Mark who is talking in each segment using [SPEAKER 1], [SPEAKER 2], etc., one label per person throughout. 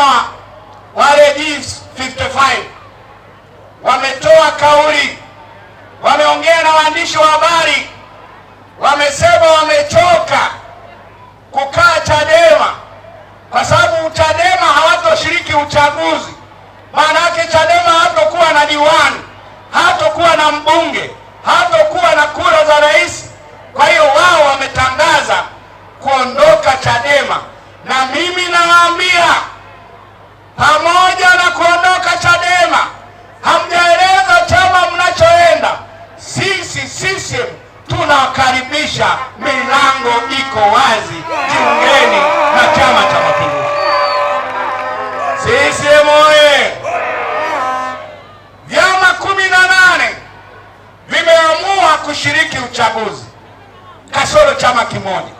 [SPEAKER 1] wanasema wale D55 wametoa kauli, wameongea na waandishi wa habari, wamesema wamechoka kukaa Chadema kwa sababu Chadema hawatoshiriki uchaguzi. Maana yake Chadema hatokuwa na diwani, hatokuwa na mbunge, hatokuwa na kura za rais. pamoja na kuondoka Chadema, hamjaeleza chama mnachoenda. Sisi sisi tunawakaribisha, milango iko wazi, jiungeni na Chama cha Mapinduzi. Sisi oye! Vyama kumi na nane vimeamua kushiriki uchaguzi kasoro chama kimoja.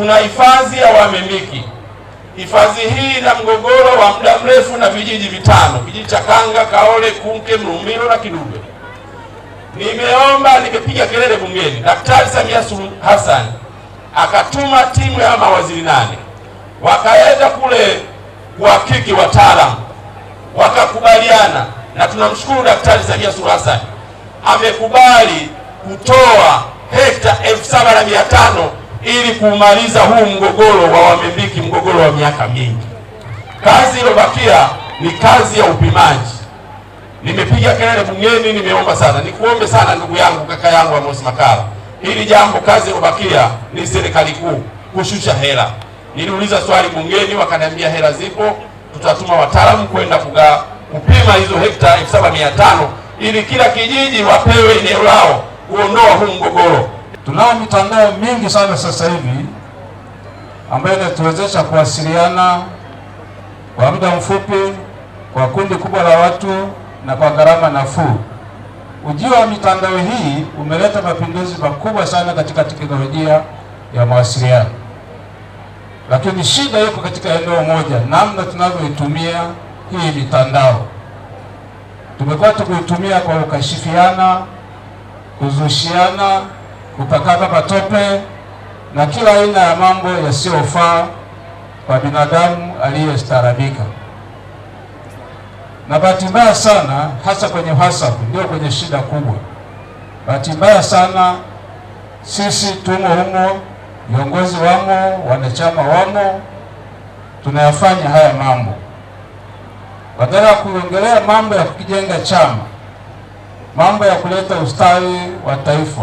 [SPEAKER 2] tuna hifadhi ya Wamemiki. Hifadhi hii ina mgogoro wa muda mrefu na vijiji vitano, kijiji cha Kanga, Kaole, Kunke, Mrumbilo na Kidube. Nimeomba, nimepiga kelele bungeni, Daktari Samia Suluhu Hassan akatuma timu ya mawaziri nane wakaenda kule kuhakiki wataalamu wakakubaliana, na tunamshukuru Daktari Samia Suluhu Hassan amekubali kutoa hekta elfu saba na mia tano ili kumaliza huu mgogoro wa Wamebiki, mgogoro wa miaka mingi. Kazi iliyobakia ni kazi ya upimaji. Nimepiga kelele bungeni, nimeomba sana. Nikuombe sana ndugu yangu, kaka yangu Amos makala hili jambo, kazi iliyobakia ni serikali kuu kushusha hela. Niliuliza swali bungeni, wakaniambia hela zipo, tutatuma wataalamu kwenda kupima hizo hekta 7500 ili kila kijiji wapewe eneo lao kuondoa huu mgogoro.
[SPEAKER 3] Tunayo mitandao mingi sana sasa hivi ambayo inatuwezesha kuwasiliana kwa muda mfupi kwa kundi kubwa la watu na kwa gharama nafuu. Ujio wa mitandao hii umeleta mapinduzi makubwa sana katika teknolojia ya mawasiliano, lakini shida iko katika eneo moja, namna tunavyoitumia hii mitandao. Tumekuwa tukiitumia kwa ukashifiana, kuzushiana kupakata matope na kila aina ya mambo yasiyofaa kwa binadamu aliyestaarabika. Na bahati mbaya sana, hasa kwenye uhasabu, ndio kwenye shida kubwa. Bahati mbaya sana, sisi tumo humo, viongozi wamo, wanachama wamo, tunayafanya haya mambo badala ya kuongelea mambo ya kukijenga chama, mambo ya kuleta ustawi wa taifa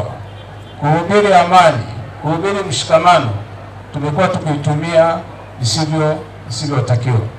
[SPEAKER 3] kuhubiri amani, kuhubiri mshikamano, tumekuwa tukiitumia visivyo visivyotakiwa.